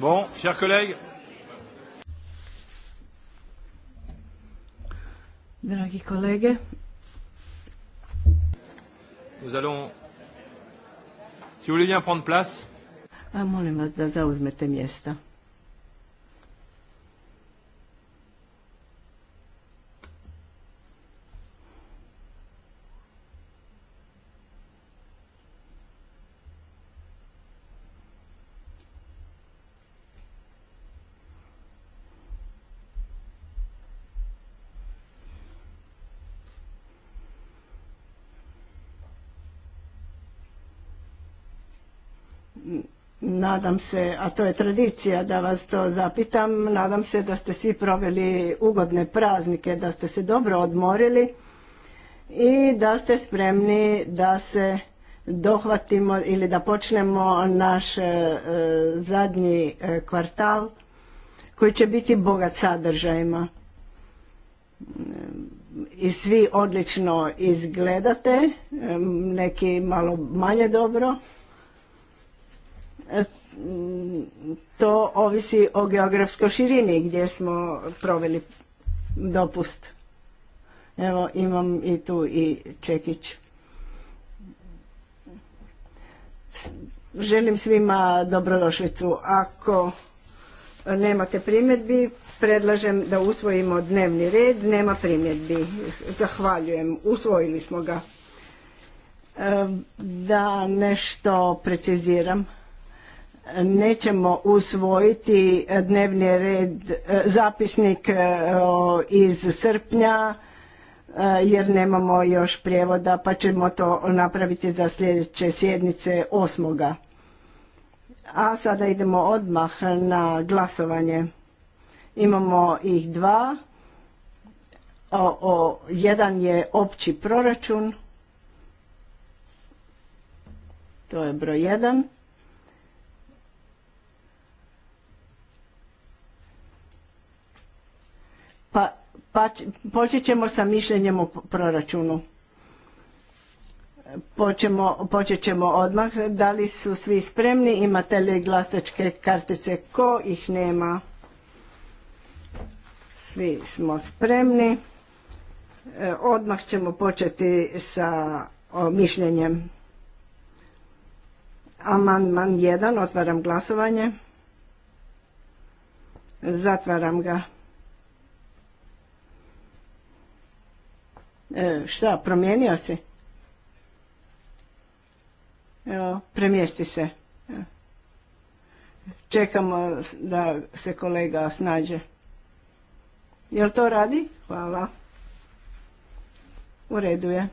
Bon, chers collègues. Dragi kolege. Nous allons Si vous voulez bien prendre place. A molim vas da zauzmete mjesta. Nadam se, a to je tradicija da vas to zapitam, nadam se da ste svi proveli ugodne praznike, da ste se dobro odmorili i da ste spremni da se dohvatimo ili da počnemo naš e, zadnji e, kvartal koji će biti bogat sadržajima. I svi odlično izgledate, e, neki malo manje dobro to ovisi o geografskoj širini gdje smo proveli dopust. Evo imam i tu i Čekić. Želim svima dobrodošlicu. Ako nemate primjedbi, predlažem da usvojimo dnevni red. Nema primjedbi. Zahvaljujem. Usvojili smo ga. Ehm, da nešto preciziram nećemo usvojiti dnevni red e, zapisnik e, iz srpnja e, jer nemamo još prijevoda pa ćemo to napraviti za sljedeće sjednice osmoga. A sada idemo odmah na glasovanje. Imamo ih dva. O, o, jedan je opći proračun. To je broj jedan. Pa počet ćemo sa mišljenjem o proračunu. počet ćemo odmah. Da li su svi spremni? Imate li glasačke kartice? Ko ih nema? Svi smo spremni. E, odmah ćemo početi sa o, mišljenjem. Amandman jedan Otvaram glasovanje. Zatvaram ga. E, šta, promijenio si? Evo, premjesti se. E, čekamo da se kolega snađe. Jel to radi? Hvala. U redu je.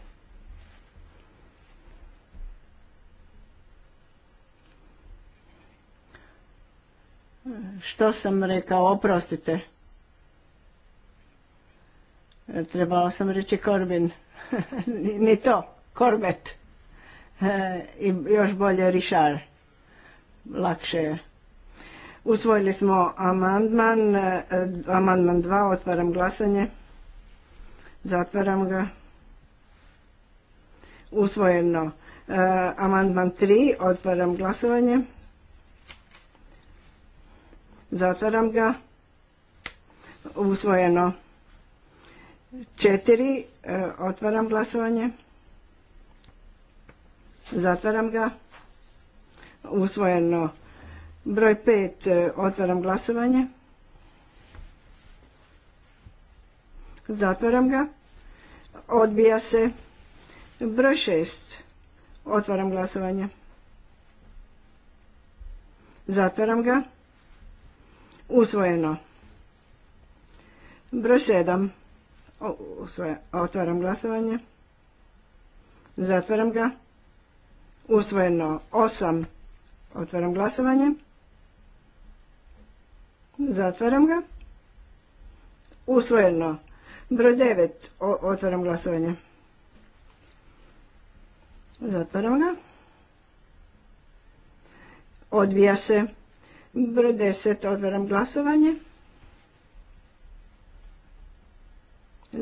E, što sam rekao, oprostite. Trebala sam reći Korbin. Ni to. Korbet. E, I još bolje Rišar. Lakše je. Usvojili smo amandman. E, amandman 2. Otvaram glasanje. Zatvaram ga. Usvojeno. E, amandman 3. Otvaram glasovanje. Zatvaram ga. Usvojeno. Četiri, e, otvaram glasovanje. Zatvaram ga. Usvojeno. Broj pet, e, otvaram glasovanje. Zatvaram ga. Odbija se. Broj šest, otvaram glasovanje. Zatvaram ga. Usvojeno. Broj sedam. Otvaram glasovanje. Zatvaram ga. Usvojeno osam. Otvaram glasovanje. Zatvaram ga. Usvojeno. Broj 9. Otvaram glasovanje. Zatvaram ga. Odvija se. Broj deset. Otvaram glasovanje.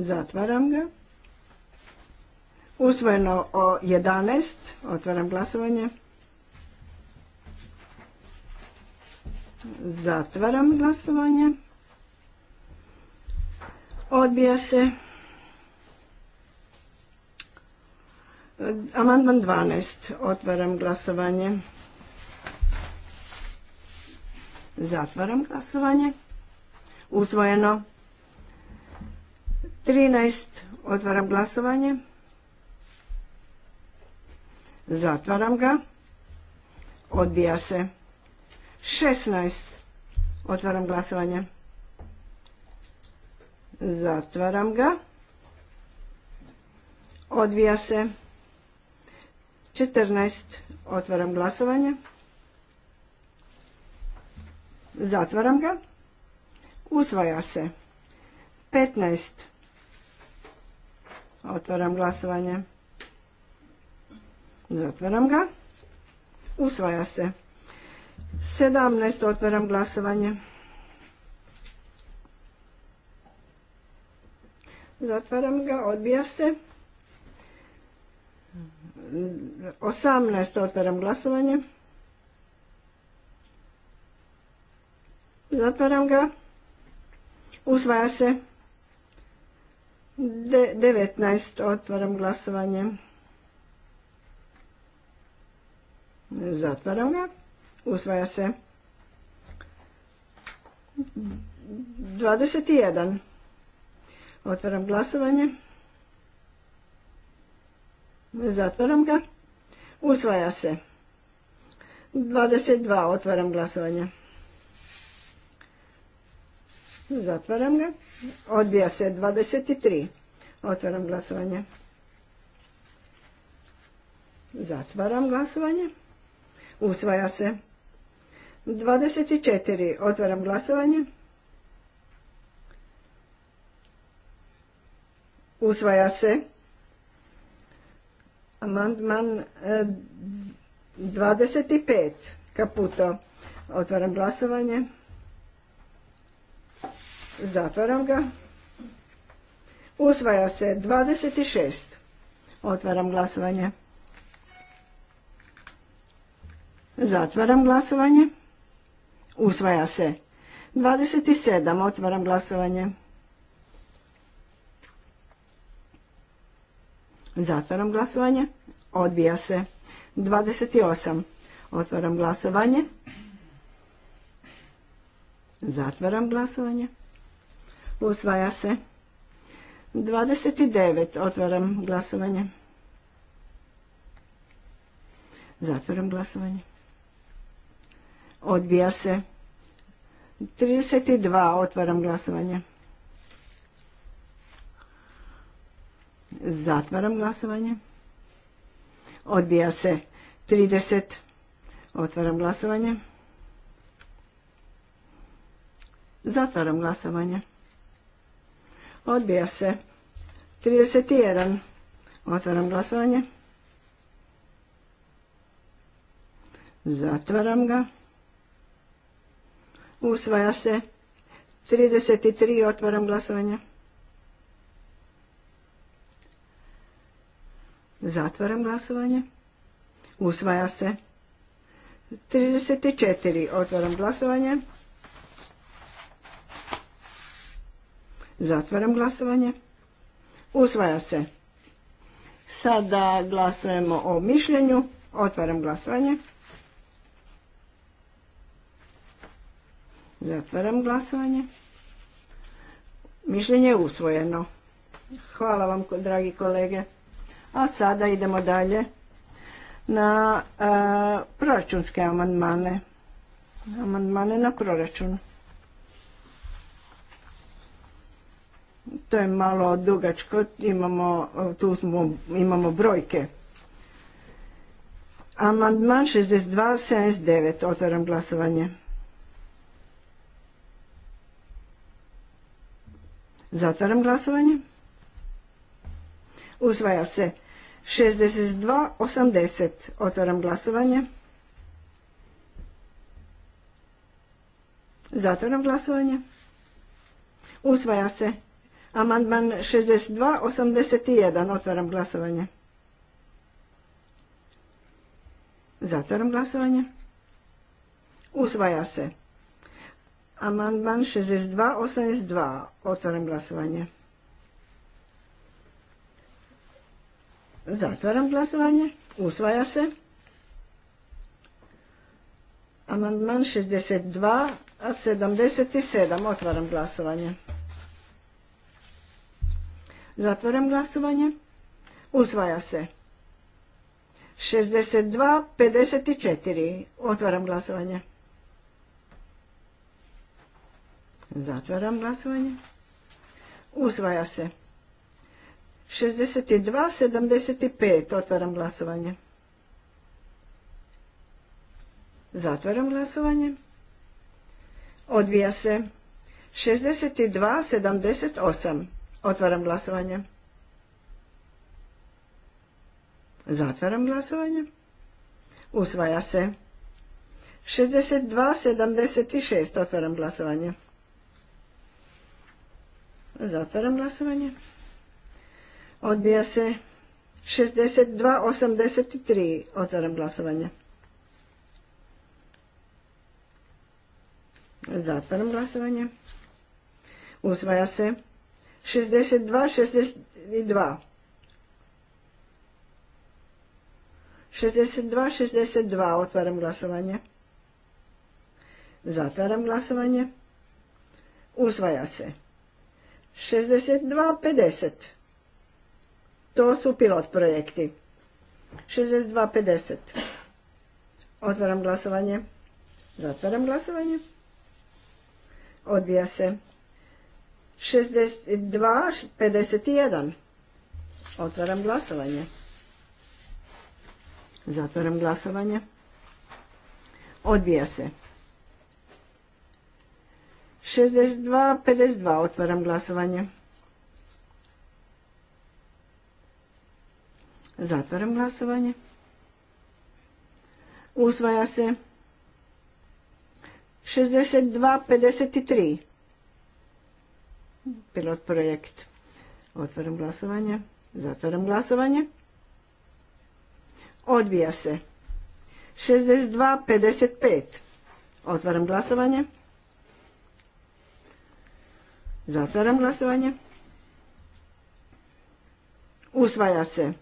Zatvaram ga. Usvojeno o 11. Otvaram glasovanje. Zatvaram glasovanje. Odbija se. Amandman 12. Otvaram glasovanje. Zatvaram glasovanje. Usvojeno. 13. Otvaram glasovanje. Zatvaram ga. Odbija se. 16. Otvaram glasovanje. Zatvaram ga. Odbija se. 14. Otvaram glasovanje. Zatvaram ga. Usvaja se. 15. Otvaram glasovanje. Zatvaram ga. Usvaja se. 17. Otvaram glasovanje. Zatvaram ga. Odbija se. 18. Otvaram glasovanje. Zatvaram ga. Usvaja se. 19. Otvaram glasovanje. Zatvaram ga. Usvaja se. 21. Otvaram glasovanje. Zatvaram ga. Usvaja se. 22. Otvaram glasovanje. Zatvaram ga. Odbija se 23. Otvaram glasovanje. Zatvaram glasovanje. Usvaja se. 24. Otvaram glasovanje. Usvaja se. Amandman 25. E, Kaputo. Otvaram glasovanje. Zatvaram ga. Usvaja se 26. Otvaram glasovanje. Zatvaram glasovanje. Usvaja se. 27. Otvaram glasovanje. Zatvaram glasovanje. Odbija se. 28. Otvaram glasovanje. Zatvaram glasovanje. Usvaja se. 29. Otvaram glasovanje. Zatvaram glasovanje. Odbija se. 32. Otvaram glasovanje. Zatvaram glasovanje. Odbija se. 30. Otvaram glasovanje. Zatvaram glasovanje. Odbija se. 31. Otvaram glasovanje. Zatvaram ga. Usvaja se. 33. Otvaram glasovanje. Zatvaram glasovanje. Usvaja se. 34. Otvaram glasovanje. Zatvaram glasovanje. Usvaja se. Sada glasujemo o mišljenju. Otvaram glasovanje. Zatvaram glasovanje. Mišljenje je usvojeno. Hvala vam, dragi kolege. A sada idemo dalje na e, proračunske amandmane. Amandmane na proračun. to je malo dugačko, imamo, tu smo, imamo brojke. Amandman 62.79, otvaram glasovanje. Zatvaram glasovanje. Usvaja se 62.80, otvaram glasovanje. Zatvaram glasovanje. Usvaja se Amandman 62, 81. Otvaram glasovanje. Zatvaram glasovanje. Usvaja se. Amandman 62, 82. Otvaram glasovanje. Zatvaram glasovanje. Usvaja se. Amandman 62, 77. Otvaram glasovanje. Zatvaram glasovanje. Usvaja se. 62, 54. Otvaram glasovanje. Zatvaram glasovanje. Usvaja se. 62, 75. Otvaram glasovanje. Zatvaram glasovanje. Odvija se. 62, 78. Otvaram glasovanje. Zatvaram glasovanje. Usvaja se. 62.76. Otvaram glasovanje. Zatvaram glasovanje. Odbija se. 62.83. Otvaram glasovanje. Zatvaram glasovanje. Usvaja se. 62, 62. 62, 62. Otvaram glasovanje. Zatvaram glasovanje. Usvaja se. 62, 50. To su pilot projekti. 62, 50. Otvaram glasovanje. Zatvaram glasovanje. Odbija se. 62, 51. Otvaram glasovanje. Zatvaram glasovanje. Odbija se. 62, 52. Otvaram glasovanje. Zatvaram glasovanje. Usvaja se. 62, 53 pilot projekt. Otvaram glasovanje. Zatvaram glasovanje. Odbija se. 62.55. Otvaram glasovanje. Zatvaram glasovanje. Usvaja se.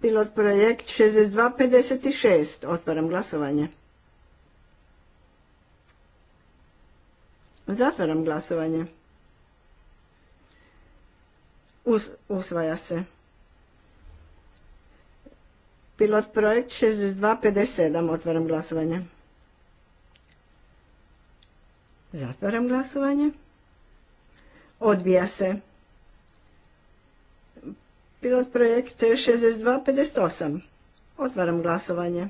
Pilot projekt 62.56. Otvaram glasovanje. Zatvaram glasovanje. usvaja se. Pilot projekt 6257. Otvaram glasovanje. Zatvaram glasovanje. Odbija se. Pilot projekt 6258. Otvaram glasovanje.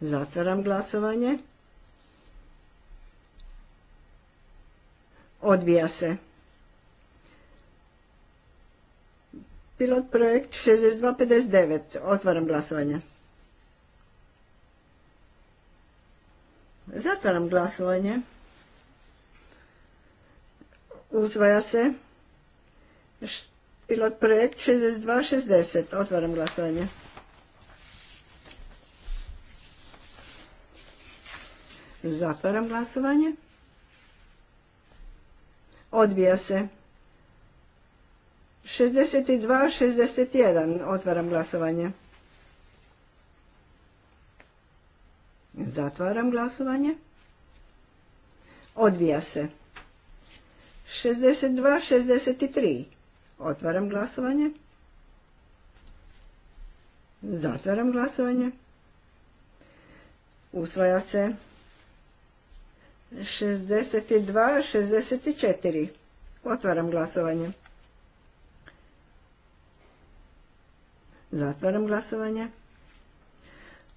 Zatvaram glasovanje. Odvija se. Pilot projekt 6259. Otvaram glasovanje. Zatvaram glasovanje. Uzvaja se. Pilot projekt 6260. Otvaram glasovanje. Zatvaram glasovanje. Odvija se. 62, 61. Otvaram glasovanje. Zatvaram glasovanje. Odvija se. 62, 63. Otvaram glasovanje. Zatvaram glasovanje. Usvaja se. 62, 64. Otvaram glasovanje. Zatvaram glasovanje.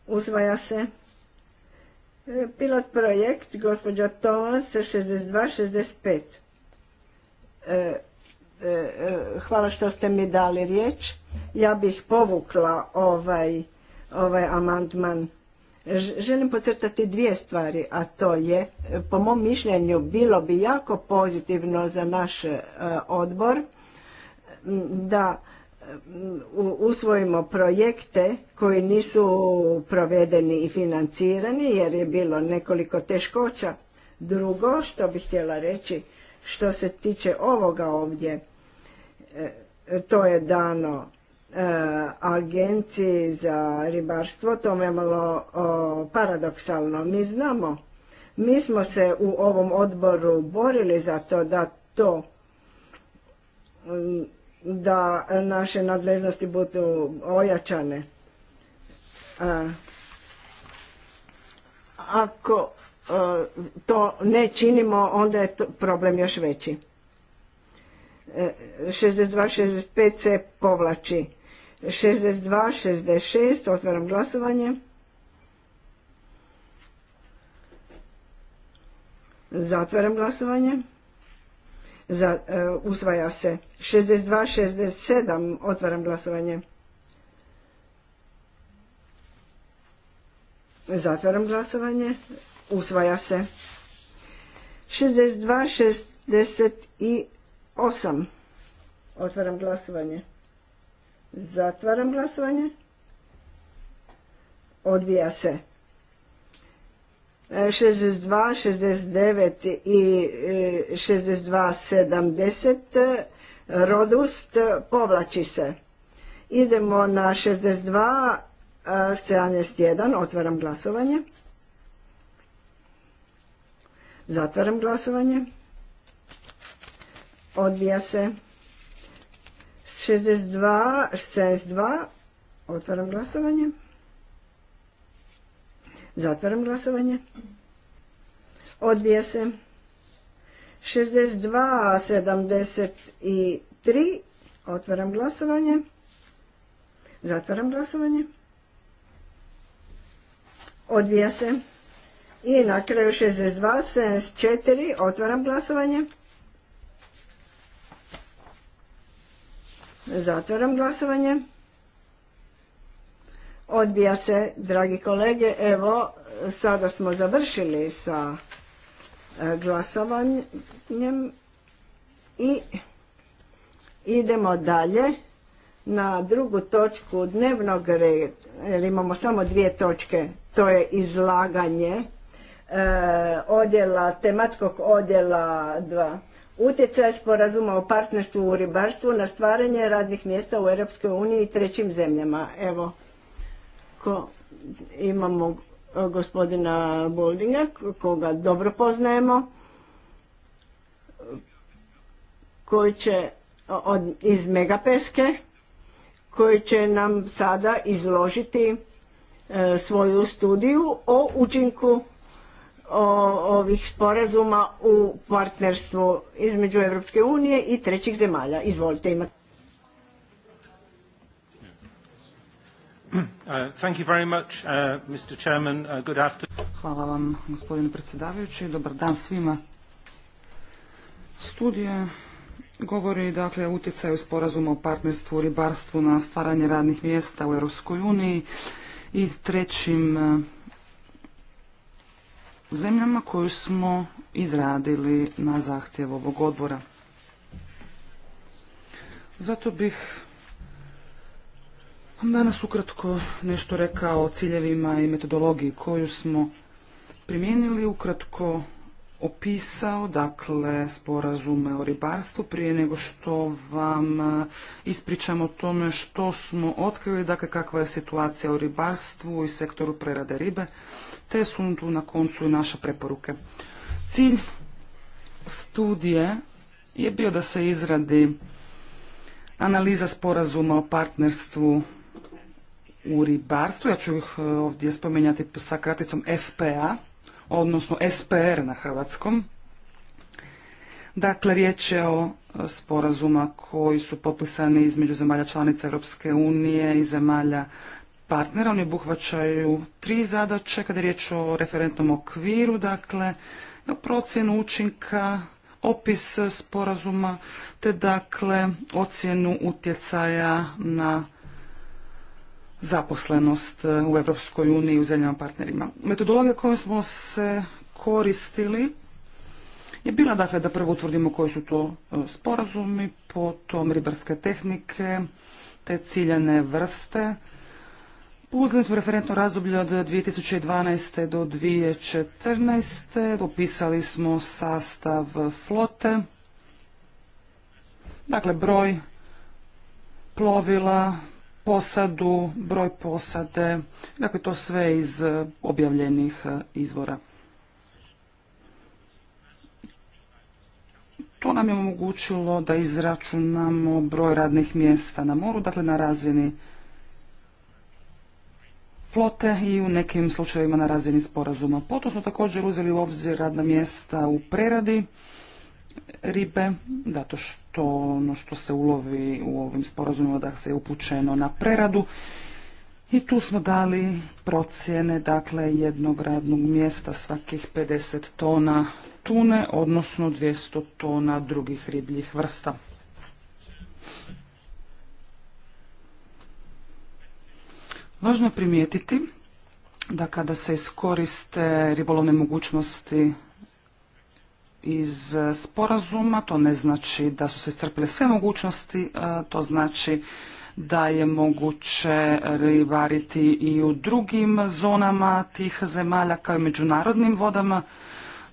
Uzvaja se e, pilot projekt gospođa Tomas 62-65. E, e, hvala što ste mi dali riječ. Ja bih povukla ovaj, ovaj amandman. Želim podcrtati dvije stvari, a to je, po mom mišljenju, bilo bi jako pozitivno za naš e, odbor da usvojimo projekte koji nisu provedeni i financirani jer je bilo nekoliko teškoća. Drugo što bih htjela reći što se tiče ovoga ovdje, e, to je dano E, agenciji za ribarstvo, to je malo paradoksalno. Mi znamo, mi smo se u ovom odboru borili za to da to da naše nadležnosti budu ojačane. E, ako e, to ne činimo, onda je problem još veći. 62-65 se povlači. 62, 66, e, otvaram glasovanje. Zatvaram glasovanje. usvaja se. 62, 67, otvaram glasovanje. Zatvaram glasovanje. Usvaja se. 62, 68, otvaram glasovanje. Zatvaram glasovanje. Odvija se. 62, e, 69 i 62, e, 70. E, Rodust povlači se. Idemo na 62, 71. Otvaram glasovanje. Zatvaram glasovanje. Odvija se. 62, 62, otvaram glasovanje. Zatvaram glasovanje. Odbija se. 62, 73, otvaram glasovanje. Zatvaram glasovanje. Odbija se. I na kraju 62, 74, otvaram glasovanje. Zatvaram glasovanje. Odbija se, dragi kolege, evo, sada smo završili sa e, glasovanjem i idemo dalje na drugu točku dnevnog reda, jer imamo samo dvije točke, to je izlaganje e, odjela, tematskog odjela 2 utjecaj sporazuma o partnerstvu u ribarstvu na stvaranje radnih mjesta u Europskoj uniji i trećim zemljama. Evo, ko, imamo e, gospodina Boldinga, koga dobro poznajemo, koji će od, iz Megapeske, koji će nam sada izložiti e, svoju studiju o učinku ovih sporazuma u partnerstvu između Europske unije i trećih zemalja. Izvolite imati. Uh, uh, uh, Hvala vam gospodine predsjedavajući. Dobar dan svima. Studija govori dakle o utjecaju sporazuma o partnerstvu u ribarstvu na stvaranje radnih mjesta u Europskoj uniji i trećim zemljama koju smo izradili na zahtjev ovog odbora. Zato bih vam danas ukratko nešto rekao o ciljevima i metodologiji koju smo primijenili, ukratko opisao, dakle, sporazume o ribarstvu, prije nego što vam e, ispričam o tome što smo otkrili, dakle, kakva je situacija u ribarstvu i sektoru prerade ribe, te su tu na koncu i naše preporuke. Cilj studije je bio da se izradi analiza sporazuma o partnerstvu u ribarstvu, ja ću ih e, ovdje spomenjati sa kraticom FPA, odnosno SPR na hrvatskom. Dakle, riječ je o e, sporazuma koji su popisani između zemalja članica Europske unije i zemalja partnera. Oni obuhvaćaju tri zadaće kada je riječ o referentnom okviru, dakle, procjenu učinka, opis sporazuma, te dakle ocjenu utjecaja na zaposlenost e, u Europskoj uniji i u zemljama partnerima. Metodologija kojom smo se koristili je bila dakle da prvo utvrdimo koji su to e, sporazumi, potom ribarske tehnike, te ciljene vrste. Uzeli smo referentno razdoblje od 2012. do 2014. Opisali smo sastav flote, dakle broj plovila, posadu, broj posade, dakle to sve iz e, objavljenih e, izvora. To nam je omogućilo da izračunamo broj radnih mjesta na moru, dakle na razini flote i u nekim slučajevima na razini sporazuma. Potom smo također uzeli u obzir radna mjesta u preradi, ribe, zato što ono što se ulovi u ovim sporazumima da se je upućeno na preradu. I tu smo dali procjene, dakle, jednog radnog mjesta svakih 50 tona tune, odnosno 200 tona drugih ribljih vrsta. Važno je primijetiti da kada se iskoriste ribolovne mogućnosti iz sporazuma, to ne znači da su se crpile sve mogućnosti, e, to znači da je moguće ribariti i u drugim zonama tih zemalja kao i međunarodnim vodama.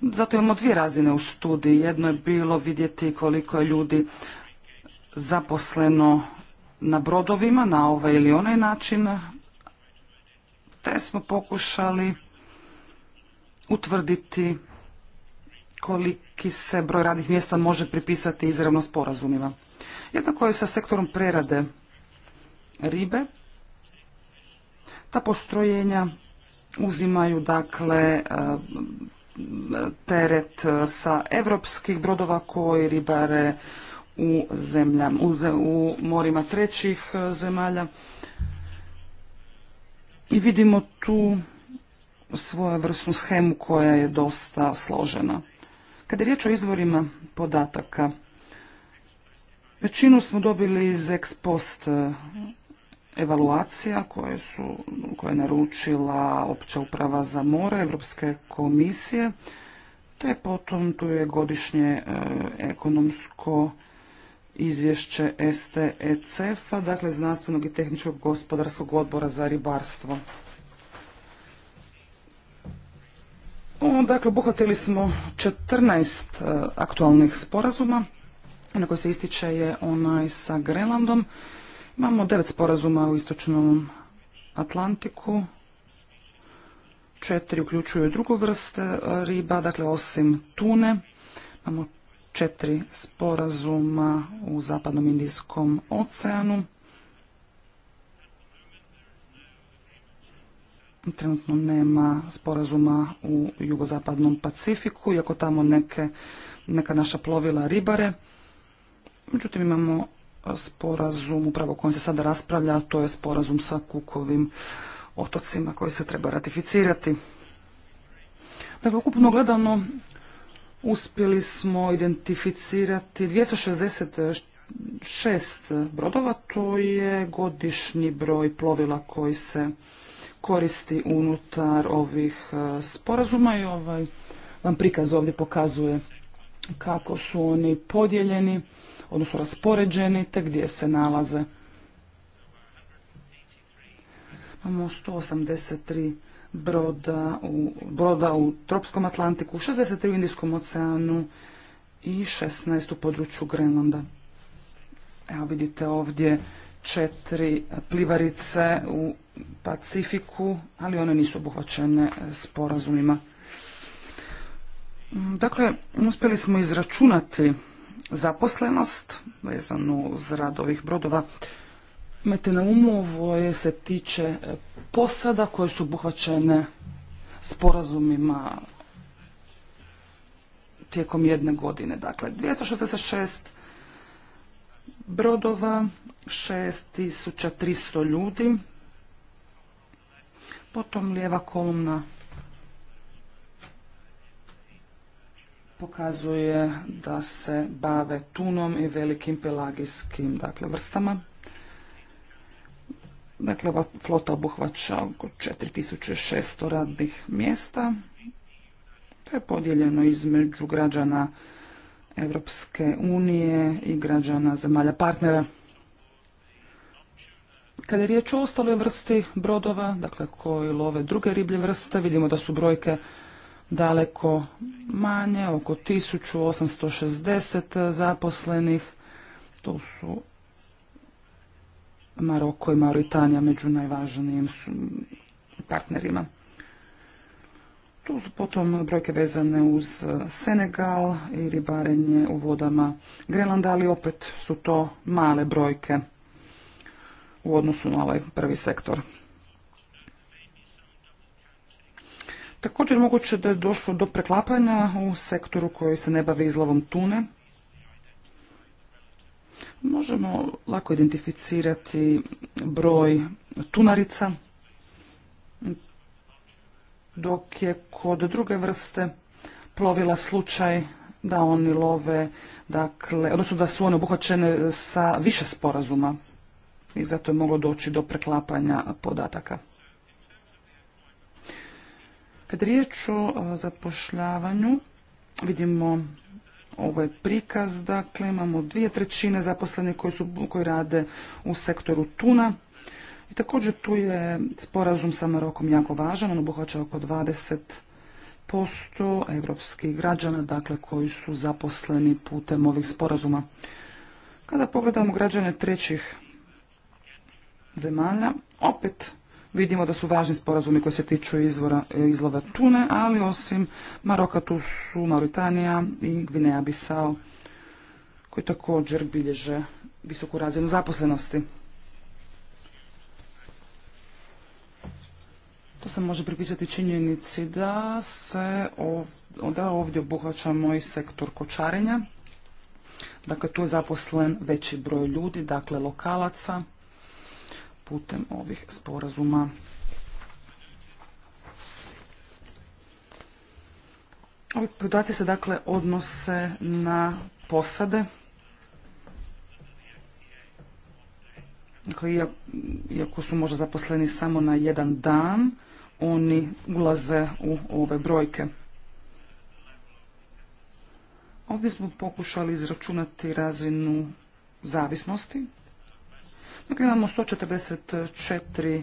Zato imamo dvije razine u studiji. Jedno je bilo vidjeti koliko je ljudi zaposleno na brodovima na ovaj ili onaj način, te smo pokušali utvrditi koliki se broj radnih mjesta može pripisati izravno sporazumima. Jednako je sa sektorom prerade ribe. Ta postrojenja uzimaju dakle e, teret e, sa evropskih brodova koji ribare u, zemlja, u, morima trećih e, zemalja. I vidimo tu svojevrsnu schemu koja je dosta složena. Kada je riječ o izvorima podataka, većinu smo dobili iz ex post e, evaluacija koje, je naručila Opća uprava za more Europske komisije, te potom tu je godišnje e, ekonomsko izvješće STECF-a, dakle Znanstvenog i tehničkog gospodarskog odbora za ribarstvo. Dakle, obuhvatili smo 14 e, aktualnih sporazuma. Na ono koji se ističe je onaj sa Grenlandom. Imamo devet sporazuma u istočnom Atlantiku. Četiri uključuju drugu vrste e, riba, dakle osim tune. Imamo četiri sporazuma u zapadnom Indijskom oceanu. trenutno nema sporazuma u jugozapadnom Pacifiku, iako tamo neke, neka naša plovila ribare. Međutim, imamo sporazum upravo o kojem se sada raspravlja, to je sporazum sa Kukovim otocima koji se treba ratificirati. Dakle, ukupno gledano uspjeli smo identificirati 266 brodova, to je godišnji broj plovila koji se koristi unutar ovih e, sporazuma i ovaj vam prikaz ovdje pokazuje kako su oni podijeljeni, odnosno raspoređeni, te gdje se nalaze. Imamo 183 broda u, broda u Tropskom Atlantiku, 63 u Indijskom oceanu i 16 u području Grenlanda. Evo vidite ovdje četiri plivarice u Pacifiku, ali one nisu obuhvaćene e, sporazumima. Mm, dakle, uspjeli smo izračunati zaposlenost vezanu uz rad ovih brodova. Imajte na umu, se tiče e, posada koje su obuhvaćene sporazumima tijekom jedne godine. Dakle, 266 brodova, 6300 ljudi, Potom lijeva kolumna pokazuje da se bave tunom i velikim pelagijskim dakle, vrstama. Dakle, ova flota obuhvaća oko 4600 radnih mjesta. To je podijeljeno između građana europske unije i građana zemalja partnera. Kada je riječ o ostaloj vrsti brodova, dakle koji love druge riblje vrste, vidimo da su brojke daleko manje, oko 1860 zaposlenih. To su Maroko i Mauritanija među najvažnijim partnerima. Tu su potom brojke vezane uz Senegal i ribarenje u vodama Grenlanda, ali opet su to male brojke u odnosu na ovaj prvi sektor. Također moguće da je došlo do preklapanja u sektoru koji se ne bavi izlovom tune. Možemo lako identificirati broj tunarica, dok je kod druge vrste plovila slučaj da oni love, dakle, odnosno da su one obuhvaćene sa više sporazuma i zato je moglo doći do preklapanja podataka. Kad riječ o zapošljavanju, vidimo ovaj prikaz, dakle imamo dvije trećine zaposlenih koji, su, koji rade u sektoru tuna. I također tu je sporazum sa Marokom jako važan, on obuhvaća oko 20% evropskih građana, dakle koji su zaposleni putem ovih sporazuma. Kada pogledamo građane trećih zemalja. Opet vidimo da su važni sporazumi koji se tiču izvora, izlova tune, ali osim Maroka tu su Mauritanija i Gvineja Bisao koji također bilježe visoku razinu zaposlenosti. To se može pripisati činjenici da se ovdje, ovdje obuhvaćamo i sektor kočarenja. Dakle, tu je zaposlen veći broj ljudi, dakle lokalaca, putem ovih sporazuma. Ovi podaci se dakle odnose na posade. Dakle, iako su možda zaposleni samo na jedan dan, oni ulaze u ove brojke. Ovdje smo pokušali izračunati razinu zavisnosti. Dakle, imamo 144 e,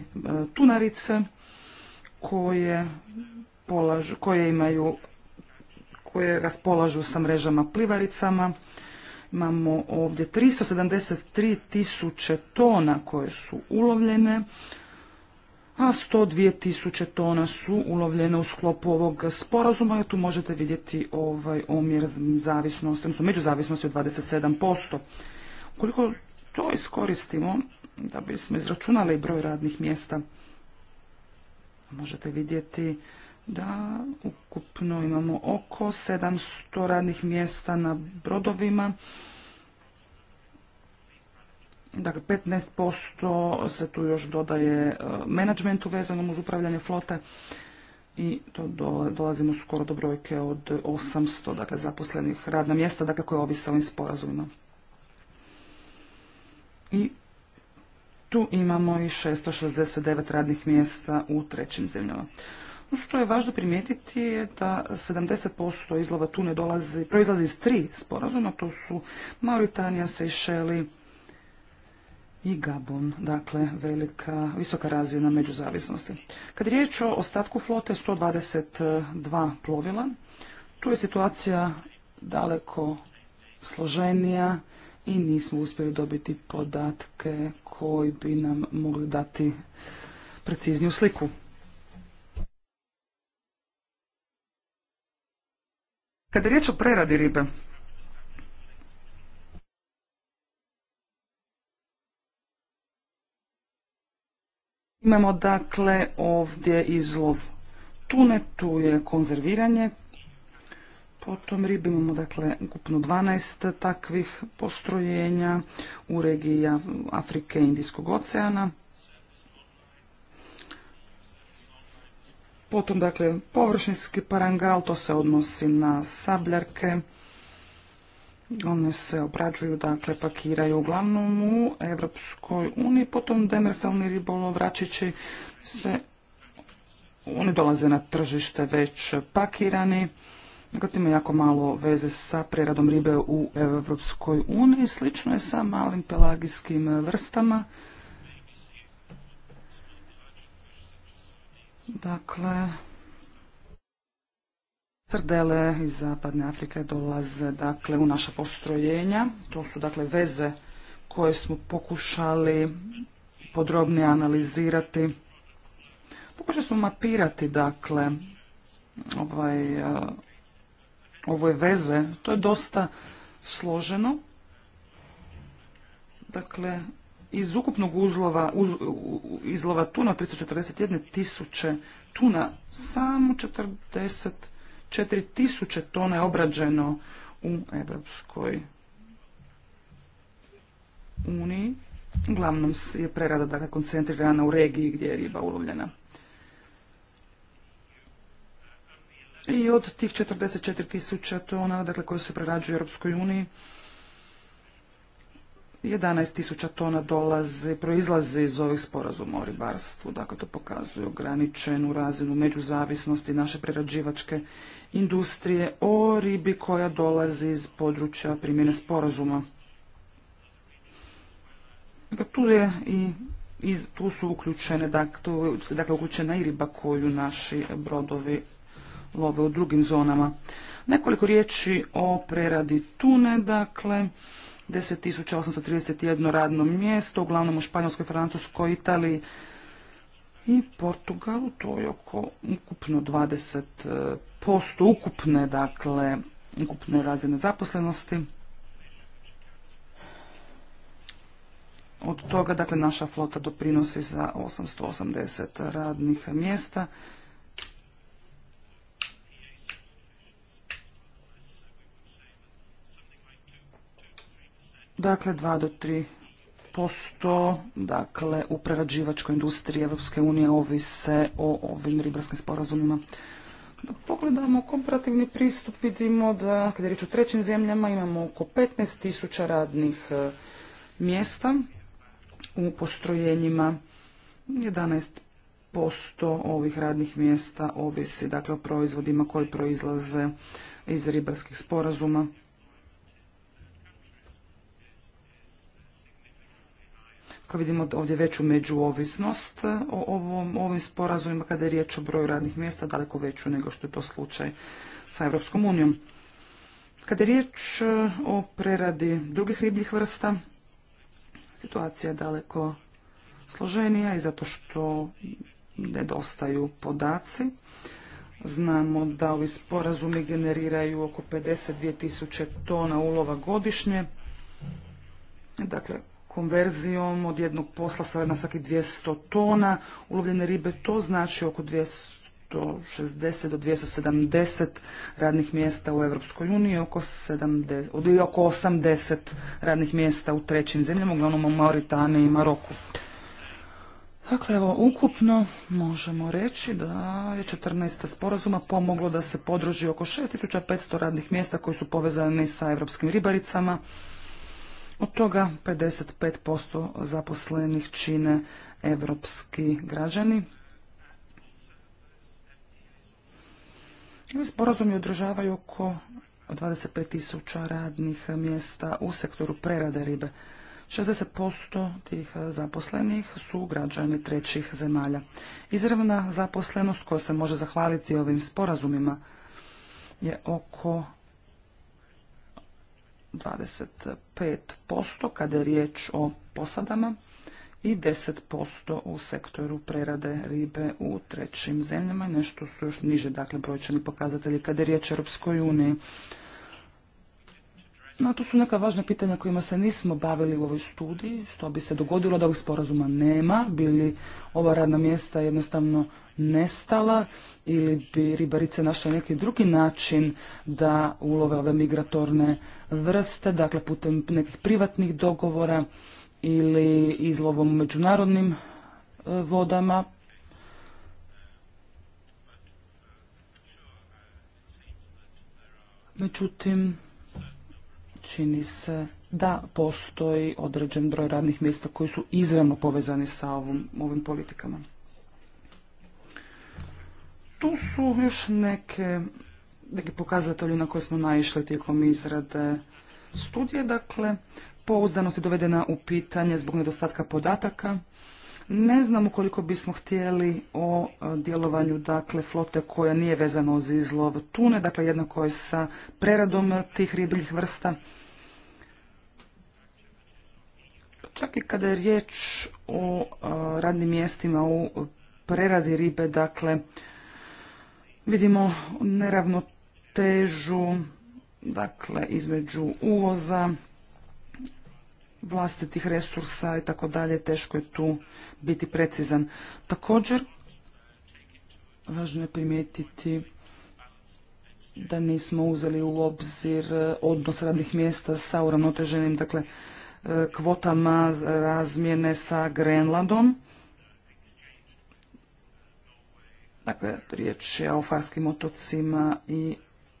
tunarice koje, polažu, koje imaju koje raspolažu sa mrežama plivaricama. Imamo ovdje 373 tisuće tona koje su ulovljene, a 102 tisuće tona su ulovljene u sklopu ovog sporazuma. Tu možete vidjeti ovaj omjer zavisnosti, odnosno međuzavisnosti od 27%. Koliko to iskoristimo da bismo izračunali broj radnih mjesta. Možete vidjeti da ukupno imamo oko 700 radnih mjesta na brodovima. Dakle, 15% se tu još dodaje e, menadžmentu vezanom uz upravljanje flote i to dolazimo skoro do brojke od 800 dakle, zaposlenih radna mjesta dakle, koje ovise ovim sporazumima i tu imamo i 669 radnih mjesta u trećim zemljama. Ono što je važno primijetiti je da 70% izlova tu ne dolazi, proizlazi iz tri sporazuma, to su Mauritanija, Sejšeli i Gabon, dakle velika, visoka razina međuzavisnosti. Kad je riječ o ostatku flote, 122 plovila, tu je situacija daleko složenija, i nismo uspjeli dobiti podatke koji bi nam mogli dati precizniju sliku. Kada je riječ o preradi ribe, imamo dakle ovdje izlov tune, tu je konzerviranje Potom ribi imamo dakle ukupno 12 takvih postrojenja u regiji Afrike i Indijskog oceana. Potom dakle površinski parangal, to se odnosi na sabljarke. One se obrađuju, dakle pakiraju uglavnom u Evropskoj uniji. Potom demersalni ribolov, vraćići se, oni dolaze na tržište već pakirani. Dakle, ima jako malo veze sa preradom ribe u Evropskoj uniji. Slično je sa malim pelagijskim vrstama. Dakle, srdele iz Zapadne Afrike dolaze dakle, u naša postrojenja. To su dakle veze koje smo pokušali podrobnije analizirati. Pokušali smo mapirati dakle ovaj ovoj veze. To je dosta složeno. Dakle, iz ukupnog uzlova, uz, izlova tuna 341 tisuće tuna, samo 44 tisuće tona je obrađeno u Evropskoj uniji. Uglavnom je prerada dakle, koncentrirana u regiji gdje je riba ulovljena. I od tih 44 tisuća tona, dakle, koje se prerađuju u Europskoj uniji, 11 tisuća tona dolazi, proizlazi iz ovih sporazuma o ribarstvu. Dakle, to pokazuje ograničenu razinu međuzavisnosti naše prerađivačke industrije o ribi koja dolazi iz područja primjene sporazuma. Dakle, tu je i tu su uključene, dakle, uključena i riba koju naši brodovi love u drugim zonama. Nekoliko riječi o preradi tune, dakle 10.831 radno mjesto, uglavnom u Španjolskoj, Francuskoj, Italiji i Portugalu, to je oko ukupno 20% ukupne, dakle, ukupne razine zaposlenosti. Od toga, dakle, naša flota doprinosi za 880 radnih mjesta. dakle 2 do 3 posto dakle u prerađivačkoj industriji Europske unije ovise o ovim ribarskim sporazumima. Da pogledamo komparativni pristup vidimo da kada je riječ o trećim zemljama imamo oko 15 tisuća radnih e, mjesta u postrojenjima 11 posto ovih radnih mjesta ovisi dakle o proizvodima koji proizlaze iz ribarskih sporazuma. vidimo ovdje veću međuovisnost o ovom, ovim sporazumima kada je riječ o broju radnih mjesta, daleko veću nego što je to slučaj sa Europskom unijom. Kada je riječ e, o preradi drugih ribljih vrsta, situacija je daleko složenija i zato što nedostaju podaci. Znamo da ovi sporazumi generiraju oko 52.000 tisuće tona ulova godišnje. Dakle, konverzijom od jednog posla sa na svaki 200 tona ulovljene ribe, to znači oko 260 do 270 radnih mjesta u Europskoj uniji, oko, 70, oko 80 radnih mjesta u trećim zemljama, uglavnom u Mauritane i Maroku. Dakle, evo, ukupno možemo reći da je 14. sporazuma pomoglo da se podruži oko 6500 radnih mjesta koji su povezani sa evropskim ribaricama, od toga 55% zaposlenih čine evropski građani. Ovi sporazumi održavaju oko 25.000 radnih mjesta u sektoru prerade ribe. 60% tih zaposlenih su građani trećih zemalja. Izravna zaposlenost koja se može zahvaliti ovim sporazumima je oko 25% kada je riječ o posadama i 10% u sektoru prerade ribe u trećim zemljama. Nešto su još niže, dakle, brojčani pokazatelji kada je riječ o Europskoj uniji. No, tu su neka važna pitanja kojima se nismo bavili u ovoj studiji, što bi se dogodilo da ovih sporazuma nema, bili ova radna mjesta jednostavno nestala ili bi ribarice našle neki drugi način da ulove ove migratorne vrste, dakle putem nekih privatnih dogovora ili izlovom u međunarodnim e, vodama. Međutim, čini se da postoji određen broj radnih mjesta koji su izravno povezani sa ovom, ovim politikama. Tu su još neke, neke pokazatelji na koje smo naišli tijekom izrade studije. Dakle, pouzdanost je dovedena u pitanje zbog nedostatka podataka, ne znamo koliko bismo htjeli o e, djelovanju dakle, flote koja nije vezana uz izlov tune, dakle jednako je sa preradom tih ribljih vrsta. Čak i kada je riječ o e, radnim mjestima u preradi ribe, dakle, vidimo neravnotežu dakle, između uvoza vlastitih resursa i tako dalje, teško je tu biti precizan. Također, važno je primijetiti da nismo uzeli u obzir e, odnos radnih mjesta sa uravnoteženim, dakle, e, kvotama razmjene sa Grenlandom. Dakle, riječ je o Farskim otocima i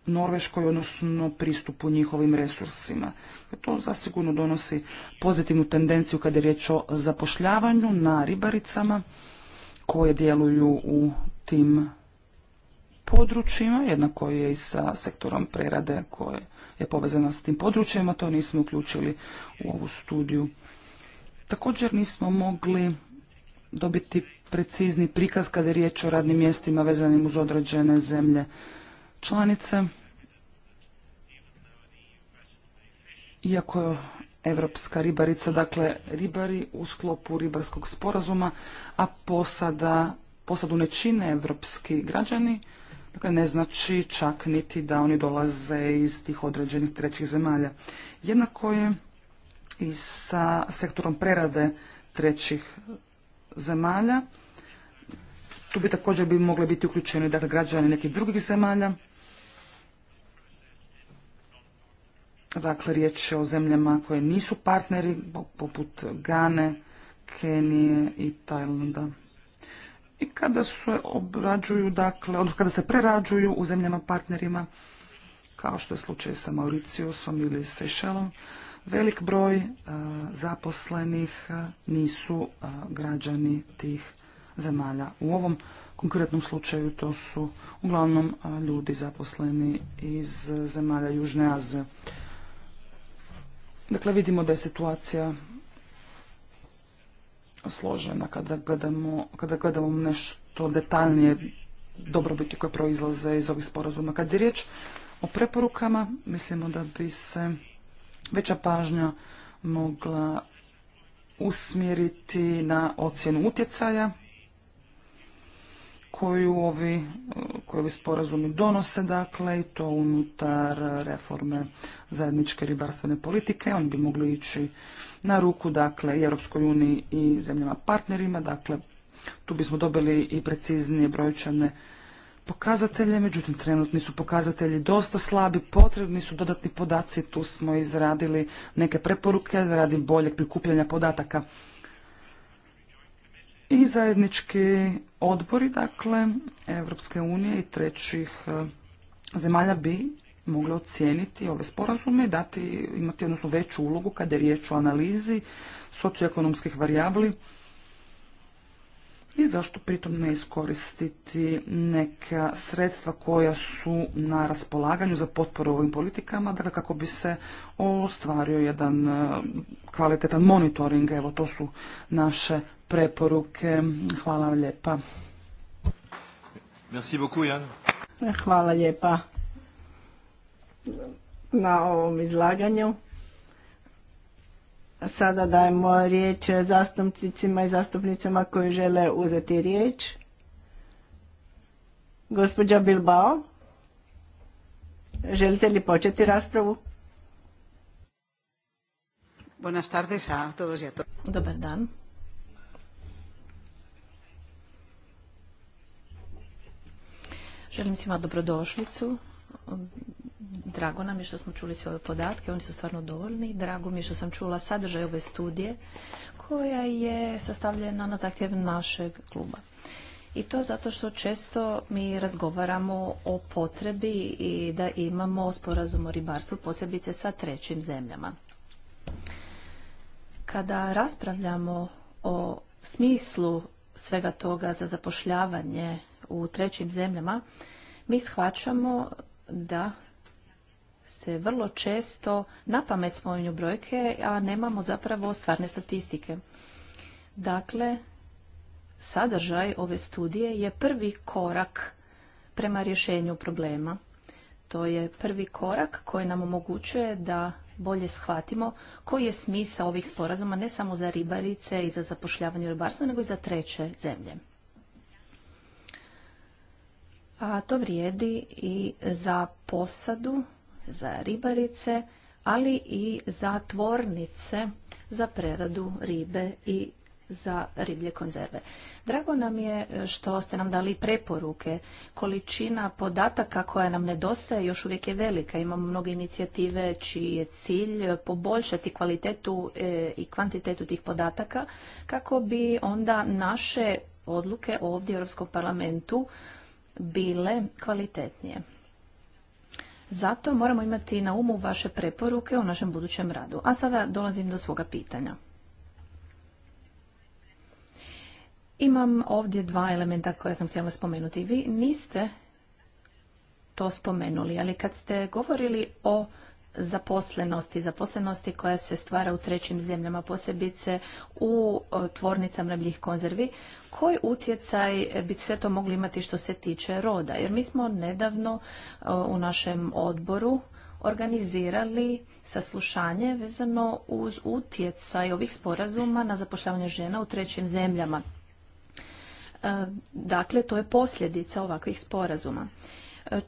Norveškoj, odnosno pristupu njihovim resursima. To zasigurno donosi pozitivnu tendenciju kada je riječ o zapošljavanju na ribaricama koje djeluju u tim područjima, jednako je i sa sektorom prerade koje je povezana s tim područjima, to nismo uključili u ovu studiju. Također nismo mogli dobiti precizni prikaz kada je riječ o radnim mjestima vezanim uz određene zemlje članice, iako je evropska ribarica, dakle ribari u sklopu ribarskog sporazuma, a posada, posadu ne čine evropski građani, dakle ne znači čak niti da oni dolaze iz tih određenih trećih zemalja. Jednako je i sa sektorom prerade trećih zemalja. Tu bi također bi mogle biti uključeni dakle, građani nekih drugih zemalja. Dakle, riječ je o zemljama koje nisu partneri, poput Gane, Kenije i Tajlanda. I kada se obrađuju, dakle, odnosno kada se prerađuju u zemljama partnerima, kao što je slučaj sa Mauriciusom ili Sešelom, velik broj e, zaposlenih e, nisu e, građani tih zemalja. U ovom konkretnom slučaju to su uglavnom ljudi zaposleni iz zemalja Južne Azije. Dakle, vidimo da je situacija složena kada gledamo, kada gledamo nešto detaljnije dobrobiti koje proizlaze iz ovih sporazuma. Kad je riječ o preporukama, mislimo da bi se veća pažnja mogla usmjeriti na ocjenu utjecaja koju ovi, e, koji ovi sporazumi donose, dakle, i to unutar reforme zajedničke ribarstvene politike. Oni bi mogli ići na ruku, dakle, i Europskoj uniji i zemljama partnerima, dakle, tu bismo dobili i preciznije brojčane pokazatelje, međutim trenutni su pokazatelji dosta slabi, potrebni su dodatni podaci, tu smo izradili neke preporuke radi boljeg prikupljanja podataka i zajednički odbori, dakle, Evropske unije i trećih eh, zemalja bi mogli ocijeniti ove sporazume i dati, imati odnosno veću ulogu kada je riječ o analizi socioekonomskih varijabli i zašto pritom ne iskoristiti neka sredstva koja su na raspolaganju za potporu ovim politikama, dakle kako bi se ostvario jedan eh, kvalitetan monitoring, evo to su naše preporuke. Hvala vam lijepa. Merci beaucoup, Hvala lijepa na ovom izlaganju. Sada dajemo riječ zastupnicima i zastupnicama koji žele uzeti riječ. Gospođa Bilbao, želite li početi raspravu? Buenas Dobar dan. Želim svima dobrodošlicu. Drago nam je što smo čuli sve podatke, oni su stvarno dovoljni. Drago mi je što sam čula sadržaj ove studije koja je sastavljena na zahtjev našeg kluba. I to zato što često mi razgovaramo o potrebi i da imamo sporazum o ribarstvu, posebice sa trećim zemljama. Kada raspravljamo o smislu svega toga za zapošljavanje u trećim zemljama, mi shvaćamo da se vrlo često na pamet spominju brojke, a nemamo zapravo stvarne statistike. Dakle, sadržaj ove studije je prvi korak prema rješenju problema. To je prvi korak koji nam omogućuje da bolje shvatimo koji je smisao ovih sporazuma ne samo za ribarice i za zapošljavanje u nego i za treće zemlje a to vrijedi i za posadu, za ribarice, ali i za tvornice za preradu ribe i za riblje konzerve. Drago nam je što ste nam dali preporuke. Količina podataka koja nam nedostaje još uvijek je velika. Imamo mnoge inicijative čiji je cilj poboljšati kvalitetu e, i kvantitetu tih podataka kako bi onda naše odluke ovdje u Europskom parlamentu bile kvalitetnije. Zato moramo imati na umu vaše preporuke u našem budućem radu. A sada dolazim do svoga pitanja. Imam ovdje dva elementa koja sam htjela spomenuti. Vi niste to spomenuli, ali kad ste govorili o zaposlenosti, zaposlenosti koja se stvara u trećim zemljama, posebice u e, tvornicama rebljih konzervi, koji utjecaj bi sve to mogli imati što se tiče roda? Jer mi smo nedavno e, u našem odboru organizirali saslušanje vezano uz utjecaj ovih sporazuma na zapošljavanje žena u trećim zemljama. E, dakle, to je posljedica ovakvih sporazuma.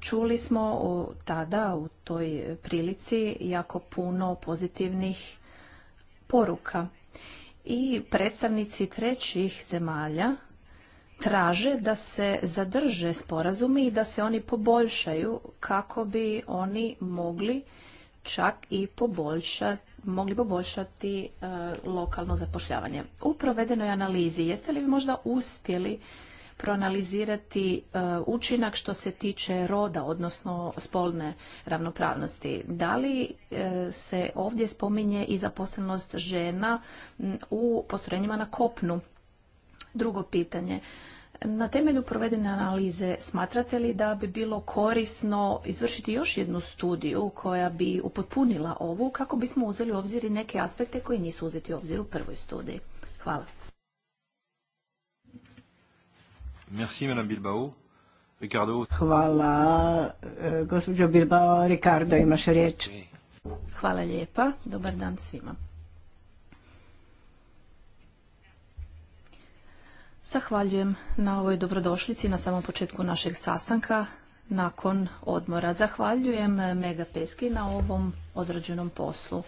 Čuli smo tada u toj prilici jako puno pozitivnih poruka i predstavnici trećih zemalja traže da se zadrže sporazumi i da se oni poboljšaju kako bi oni mogli čak i poboljšati mogli poboljšati e, lokalno zapošljavanje. U provedenoj analizi jeste li vi možda uspjeli proanalizirati e, učinak što se tiče roda, odnosno spolne ravnopravnosti. Da li e, se ovdje spominje i zaposlenost žena u postrojenjima na kopnu? Drugo pitanje. Na temelju provedene analize smatrate li da bi bilo korisno izvršiti još jednu studiju koja bi upotpunila ovu kako bismo uzeli u obzir i neke aspekte koji nisu uzeti u obzir u prvoj studiji? Hvala. Merci, Madame Bilbao. Ricardo. Hvala, e, gospođo Bilbao. Ricardo, imaš riječ. Hvala lijepa. Dobar dan svima. Zahvaljujem na ovoj dobrodošlici na samom početku našeg sastanka nakon odmora. Zahvaljujem Mega Peski na ovom odrađenom poslu.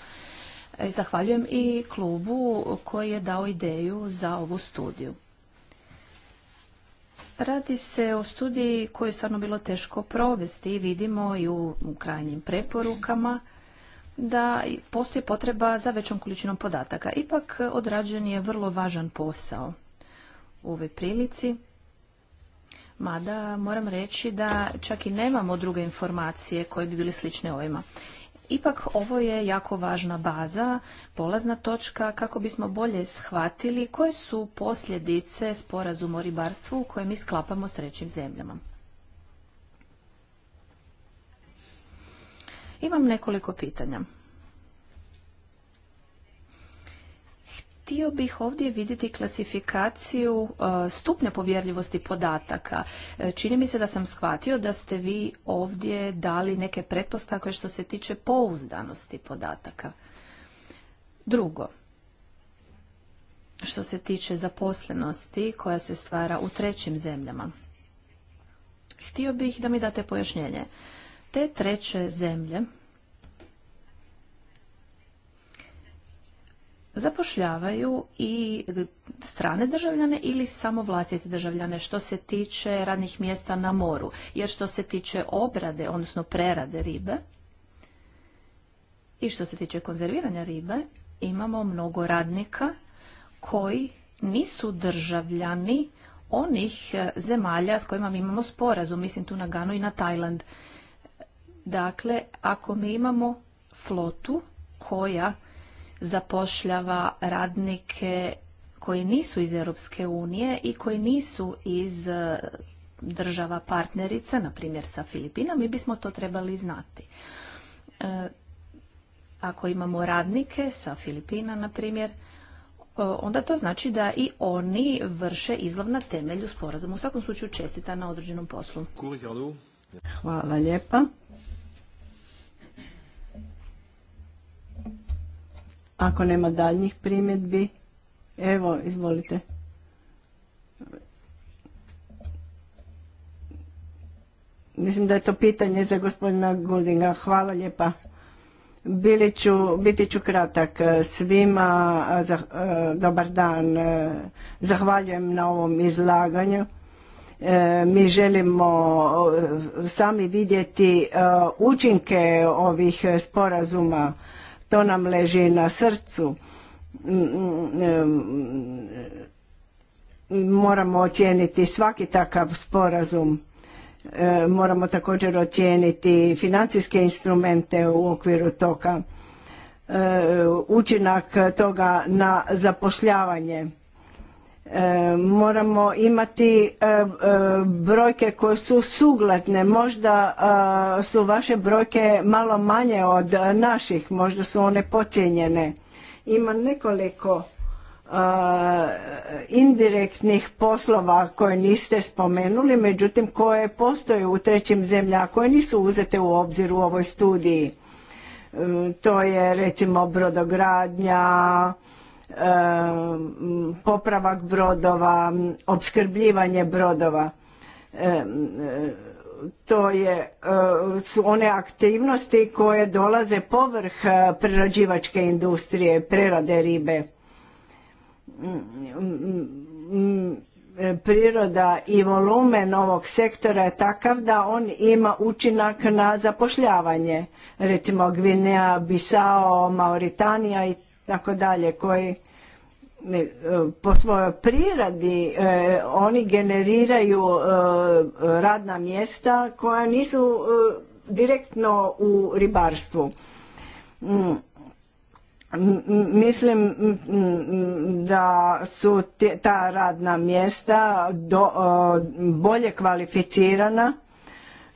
E, zahvaljujem i klubu koji je dao ideju za ovu studiju. Radi se o studiji koju je stvarno bilo teško provesti i vidimo i u krajnjim preporukama da postoji potreba za većom količinom podataka. Ipak odrađen je vrlo važan posao u ovoj prilici. Mada moram reći da čak i nemamo druge informacije koje bi bile slične ovima. Ipak ovo je jako važna baza, polazna točka kako bismo bolje shvatili koje su posljedice sporazuma o ribarstvu koje mi sklapamo s trećim zemljama. Imam nekoliko pitanja. Htio bih ovdje vidjeti klasifikaciju e, stupnja povjerljivosti podataka. E, čini mi se da sam shvatio da ste vi ovdje dali neke pretpostavke što se tiče pouzdanosti podataka. Drugo, što se tiče zaposlenosti koja se stvara u trećim zemljama. Htio bih da mi date pojašnjenje. Te treće zemlje zapošljavaju i strane državljane ili samo vlastite državljane što se tiče radnih mjesta na moru. Jer što se tiče obrade, odnosno prerade ribe i što se tiče konzerviranja ribe, imamo mnogo radnika koji nisu državljani onih e, zemalja s kojima mi imamo sporazum, mislim tu na Ganu i na Tajland. Dakle, ako mi imamo flotu koja zapošljava radnike koji nisu iz Europske unije i koji nisu iz e, država partnerica, na primjer sa Filipina, mi bismo to trebali znati. E, ako imamo radnike sa Filipina, na primjer, e, onda to znači da i oni vrše izlov na temelju sporazuma. U svakom slučaju čestita na određenom poslu. Hvala lijepa. Ako nema daljnjih primjedbi, evo, izvolite. Mislim da je to pitanje za gospodina Guldinga. Hvala lijepa. biti ću kratak. Svima dobar dan. E, zahvaljujem na ovom izlaganju. E, mi želimo e, sami vidjeti učinke ovih sporazuma to nam leži na srcu. Mm, mm, moramo ocijeniti svaki takav sporazum. E, moramo također ocijeniti financijske instrumente u okviru toga, e, Učinak toga na zapošljavanje E, moramo imati e, e, brojke koje su sugladne. Možda su vaše brojke malo manje od naših, možda su one pocijenjene. Ima nekoliko indirektnih poslova koje niste spomenuli, međutim koje postoje u trećim zemljama koje nisu uzete u obzir u ovoj studiji. To je recimo brodogradnja, E, popravak brodova, opskrbljivanje brodova. E, e, to je, su one aktivnosti koje dolaze povrh prerađivačke industrije, prerade ribe. Mm, mm, mm, priroda i volumen ovog sektora je takav da on ima učinak na zapošljavanje. Recimo Gvinea, Bisao, Mauritanija i tako dalje, koji e, po svojoj priradi e, oni generiraju e, radna mjesta koja nisu direktno u ribarstvu. Mm. Mislim da su ta radna mjesta do, bolje kvalificirana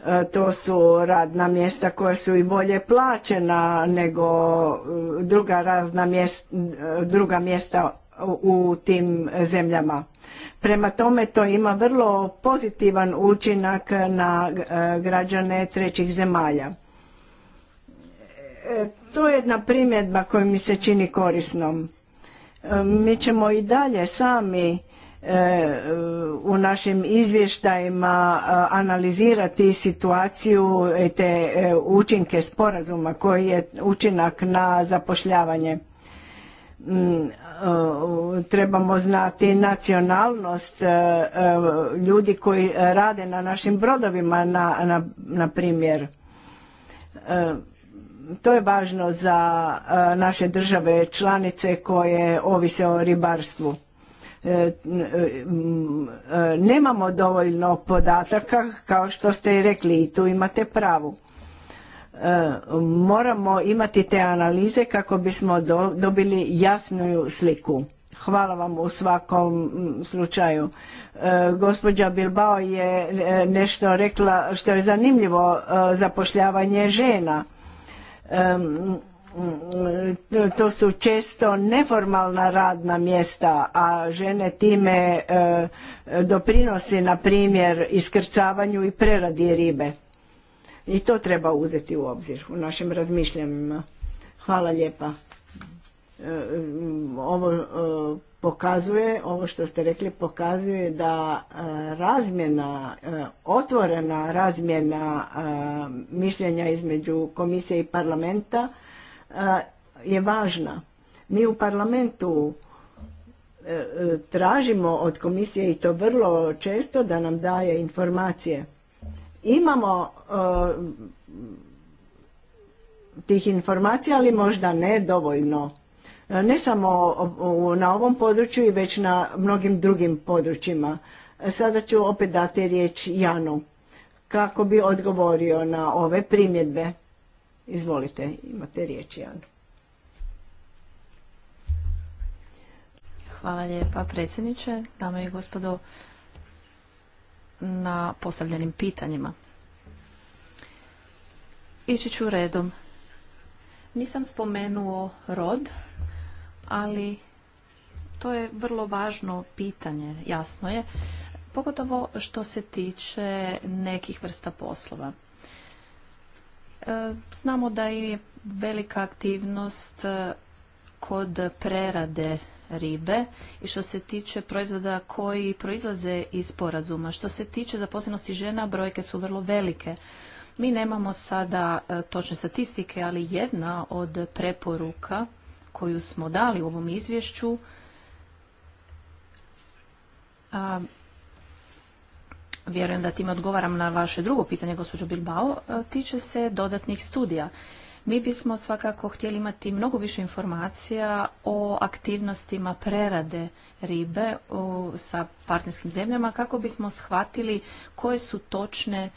E, to su radna mjesta koja su i bolje plaćena nego e, e, druga mjesta, druga mjesta u tim zemljama. Prema tome to ima vrlo pozitivan učinak na građane trećih zemalja. To je jedna primjedba koja mi se čini korisnom. Mi ćemo i dalje sami E, u našim izvještajima e, analizirati situaciju i te e, učinke sporazuma koji je učinak na zapošljavanje. Mm, trebamo znati nacionalnost ljudi koji rade na našim brodovima, na, na, na primjer. To je važno za naše države članice koje ovise o ribarstvu E, e, e, nemamo dovoljno podataka kao što ste i rekli i tu imate pravu moramo imati te analize kako bismo dobili jasnu sliku hvala vam u svakom slučaju gospođa Bilbao je nešto rekla što je zanimljivo zapošljavanje žena Mm, to su često neformalna radna mjesta, a žene time e, doprinosi, na primjer, iskrcavanju i preradi ribe. I to treba uzeti u obzir u našim razmišljanjima. Hvala lijepa. E, ovo e, pokazuje, ovo što ste rekli pokazuje da razmjena, otvorena razmjena mišljenja između komisije i parlamenta je važna. Mi u parlamentu e, e, tražimo od komisije i to vrlo često da nam daje informacije. Imamo e, tih informacija, ali možda ne dovoljno. Ne samo na ovom području, već na mnogim drugim područjima. Sada ću opet dati riječ Janu kako bi odgovorio na ove primjedbe. Izvolite, imate riječ Jan. Hvala lijepa predsjedniče, dame i gospodo na postavljenim pitanjima. Ići ću redom. Nisam spomenuo rod, ali to je vrlo važno pitanje, jasno je, pogotovo što se tiče nekih vrsta poslova. E, znamo da je velika aktivnost e, kod prerade ribe i što se tiče proizvoda koji proizlaze iz porazuma. Što se tiče zaposlenosti žena, brojke su vrlo velike. Mi nemamo sada e, točne statistike, ali jedna od preporuka koju smo dali u ovom izvješću Vjerujem da tim odgovaram na vaše drugo pitanje, gospođo Bilbao, e, tiče se dodatnih studija. Mi bismo svakako htjeli imati mnogo više informacija o aktivnostima prerade ribe sa partnerskim zemljama kako bismo shvatili koje su točne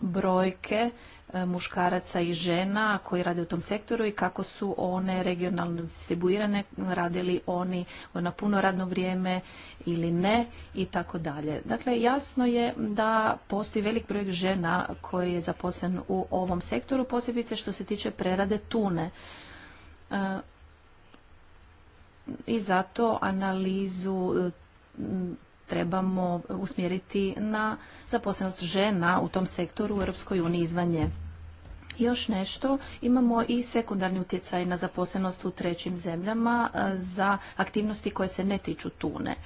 brojke e, muškaraca i žena koji rade u tom sektoru i kako su one regionalno distribuirane, radili oni na puno radno vrijeme ili ne i tako dalje. Dakle, jasno je da postoji velik broj žena koji je zaposlen u ovom sektoru, posebice što se tiče prerade tune. E, I zato analizu e, trebamo usmjeriti na zaposlenost žena u tom sektoru u Europskoj uniji izvan nje. Još nešto, imamo i sekundarni utjecaj na zaposlenost u trećim zemljama e, za aktivnosti koje se ne tiču tune.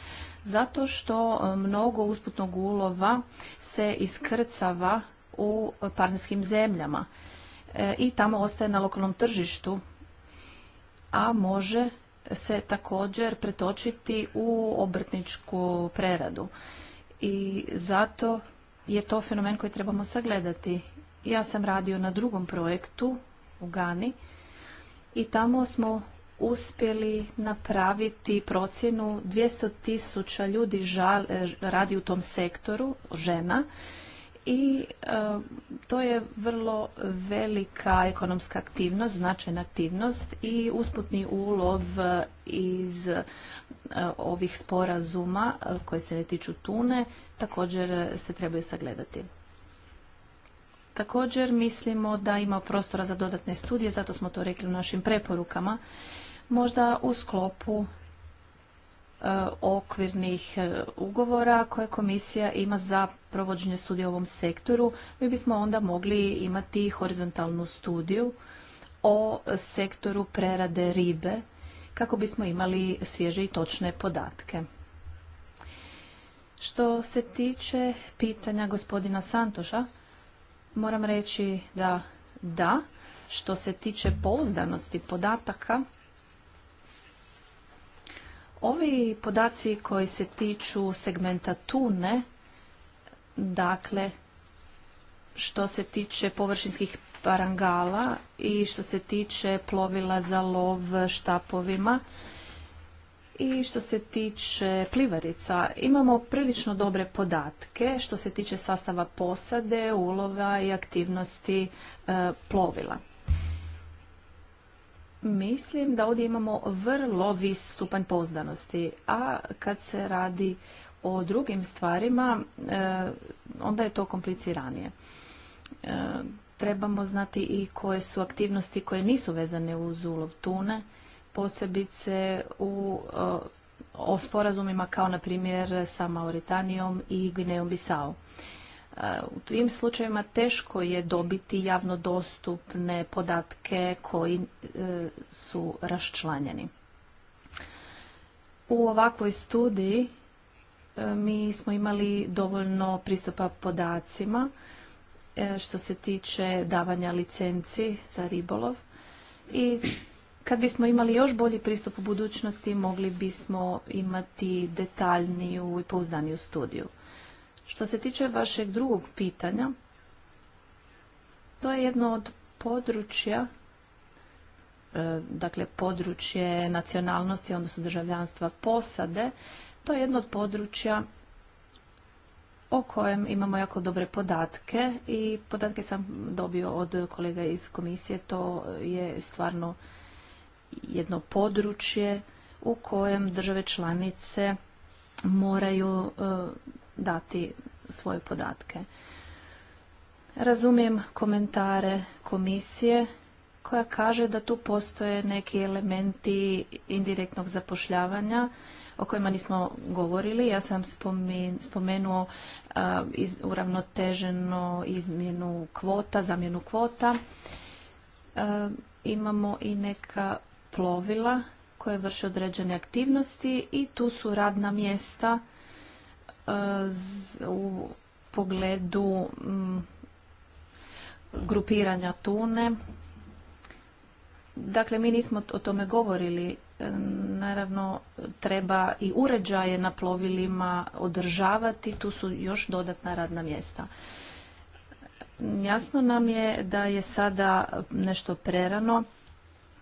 Zato što e, mnogo usputnog ulova se iskrcava u partnerskim zemljama e, i tamo ostaje na lokalnom tržištu, a može se također pretočiti u obrtničku preradu. I zato je to fenomen koji trebamo sagledati. Ja sam radio na drugom projektu u Gani i tamo smo uspjeli napraviti procjenu 200 tisuća ljudi eh, radi u tom sektoru, žena, i e, to je vrlo velika ekonomska aktivnost, značajna aktivnost i usputni ulov iz e, ovih sporazuma e, koje se ne tiču tune također se trebaju sagledati. Također mislimo da ima prostora za dodatne studije, zato smo to rekli u našim preporukama, možda u sklopu E, okvirnih e, ugovora koje komisija ima za provođenje studija u ovom sektoru, mi bismo onda mogli imati horizontalnu studiju o sektoru prerade ribe kako bismo imali svježe i točne podatke. Što se tiče pitanja gospodina Santoša, moram reći da da, što se tiče pouzdanosti podataka, Ovi podaci koji se tiču segmenta tune, dakle što se tiče površinskih parangala i što se tiče plovila za lov štapovima i što se tiče plivarica, imamo prilično dobre podatke što se tiče sastava posade, ulova i aktivnosti e, plovila. Mislim da ovdje imamo vrlo vis stupanj pozdanosti, a kad se radi o drugim stvarima, e, onda je to kompliciranije. E, trebamo znati i koje su aktivnosti koje nisu vezane uz ulov tune, posebice u e, sporazumima kao na primjer sa Mauritanijom i Gvinejom Bisao. U tim slučajevima teško je dobiti javno dostupne podatke koji e, su raščlanjeni. U ovakvoj studiji e, mi smo imali dovoljno pristupa podacima e, što se tiče davanja licenci za ribolov i kad bismo imali još bolji pristup u budućnosti mogli bismo imati detaljniju i pouzdaniju studiju. Što se tiče vašeg drugog pitanja, to je jedno od područja, e, dakle područje nacionalnosti, odnosno državljanstva posade, to je jedno od područja o kojem imamo jako dobre podatke i podatke sam dobio od kolega iz komisije. To je stvarno jedno područje u kojem države članice moraju e, dati svoje podatke. Razumijem komentare komisije koja kaže da tu postoje neki elementi indirektnog zapošljavanja o kojima nismo govorili. Ja sam spomenuo uravnoteženo izmjenu kvota, zamjenu kvota. imamo i neka plovila koje vrše određene aktivnosti i tu su radna mjesta u pogledu mm, grupiranja tune. Dakle, mi nismo o tome govorili. E, naravno, treba i uređaje na plovilima održavati. Tu su još dodatna radna mjesta. Jasno nam je da je sada nešto prerano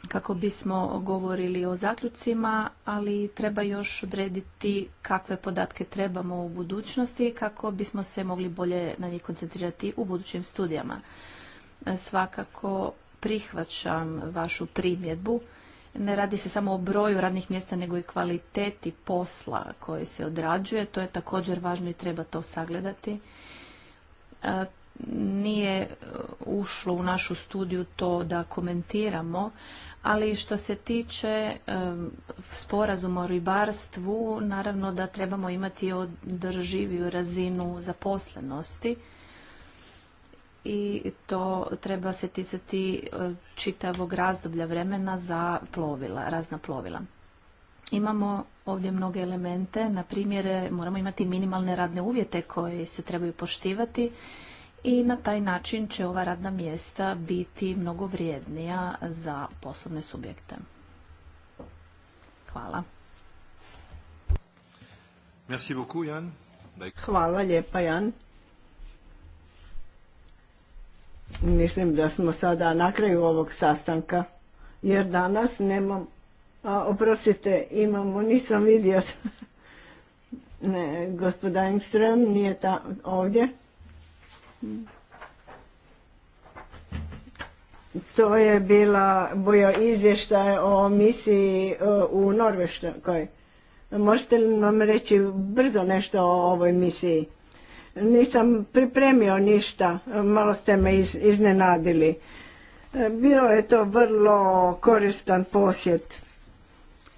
kako bismo govorili o zaključcima, ali treba još odrediti kakve podatke trebamo u budućnosti kako bismo se mogli bolje na njih koncentrirati u budućim studijama. E, svakako prihvaćam vašu primjedbu. Ne radi se samo o broju radnih mjesta, nego i kvaliteti posla koji se odrađuje. To je također važno i treba to sagledati e, nije e, ušlo u našu studiju to da komentiramo ali što se tiče sporazuma o ribarstvu, naravno da trebamo imati održiviju razinu zaposlenosti i to treba se ticati e, čitavog razdoblja vremena za plovila, razna plovila. Imamo ovdje mnoge elemente, na primjer moramo imati minimalne radne uvjete koje se trebaju poštivati i na taj način će ova radna mjesta biti mnogo vrijednija za poslovne subjekte. Hvala. Merci beaucoup, Jan. Hvala lijepa, Jan. Mislim da smo sada na kraju ovog sastanka, jer danas nemam, a, oprostite, imamo, nisam vidio, ne, gospodin Ström nije ta, ovdje. To je bila, bio izvještaj o misiji e, u Norveškoj. Možete li nam reći brzo nešto o ovoj misiji? Nisam pripremio ništa, malo ste me iznenadili. E, bilo je to vrlo koristan posjet.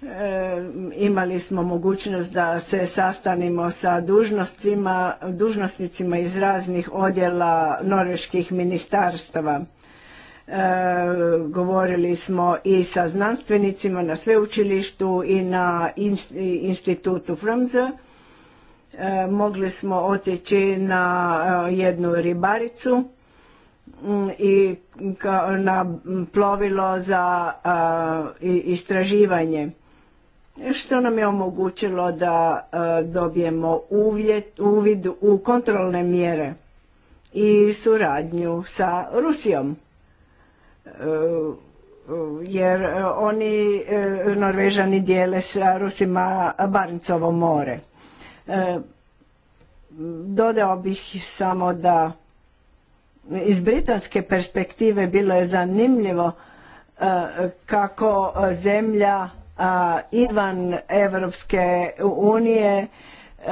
E, imali smo mogućnost da se sastanimo sa dužnostima, dužnosnicima iz raznih odjela norveških ministarstava. E, govorili smo i sa znanstvenicima na sveučilištu i na institutu Fromze. E, mogli smo otići na e, jednu ribaricu mm, i na plovilo za istraživanje što nam je omogućilo da e, dobijemo uvid u kontrolne mjere i suradnju sa Rusijom. E, e, jer oni, Norvežani, dijele sa Rusima Barnicovo more. Dodao bih samo da iz britanske perspektive bilo je zanimljivo kako zemlja izvan Evropske unije e,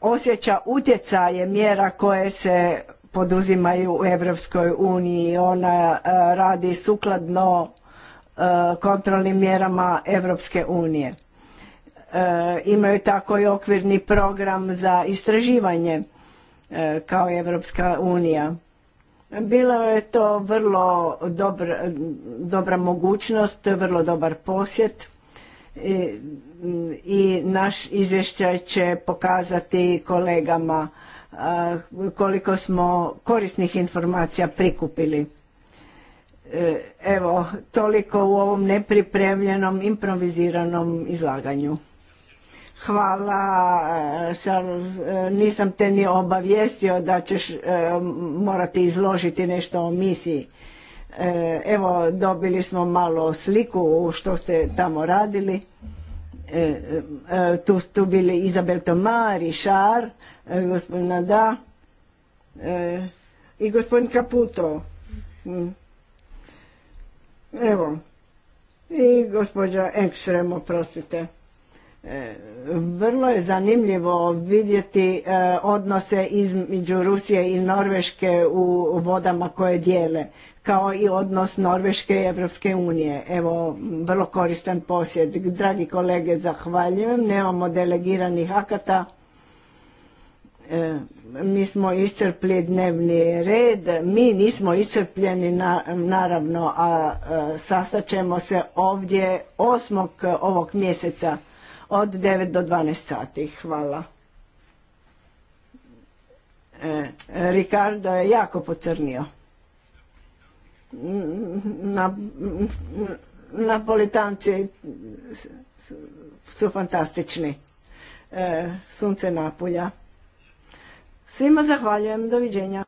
osjeća utjecaje mjera koje se poduzimaju u Evropskoj uniji. Ona e, radi sukladno e, kontrolnim mjerama Evropske unije. Imaju tako i okvirni program za istraživanje kao Evropska unija bilo je to vrlo dobra, dobra mogućnost, vrlo dobar posjet i, naš izvješćaj će pokazati kolegama koliko smo korisnih informacija prikupili. E, evo, toliko u ovom nepripremljenom, improviziranom izlaganju. Hvala, e, e, nisam te ni obavijestio da ćeš e, morati izložiti nešto o misiji. evo, dobili smo malo sliku što ste tamo radili. tu su bili Izabel i Šar, gospodin i gospodin Kaputo. Mm. Evo, i gospođa Ekstrem, oprostite. Vrlo je zanimljivo vidjeti e, odnose između Rusije i Norveške u vodama koje dijele, kao i odnos Norveške i Evropske unije. Evo, vrlo koristan posjed. Dragi kolege, zahvaljujem. Nemamo delegiranih akata. E, mi smo iscrpli dnevni red, mi nismo iscrpljeni naravno, a, a e, sastaćemo se ovdje osmog ovog mjeseca od 9 do 12 sati. Hvala. E, Ricardo je jako pocrnio. napolitanci su fantastični. E, sunce napulja. Svima zahvaljujem. Doviđenja.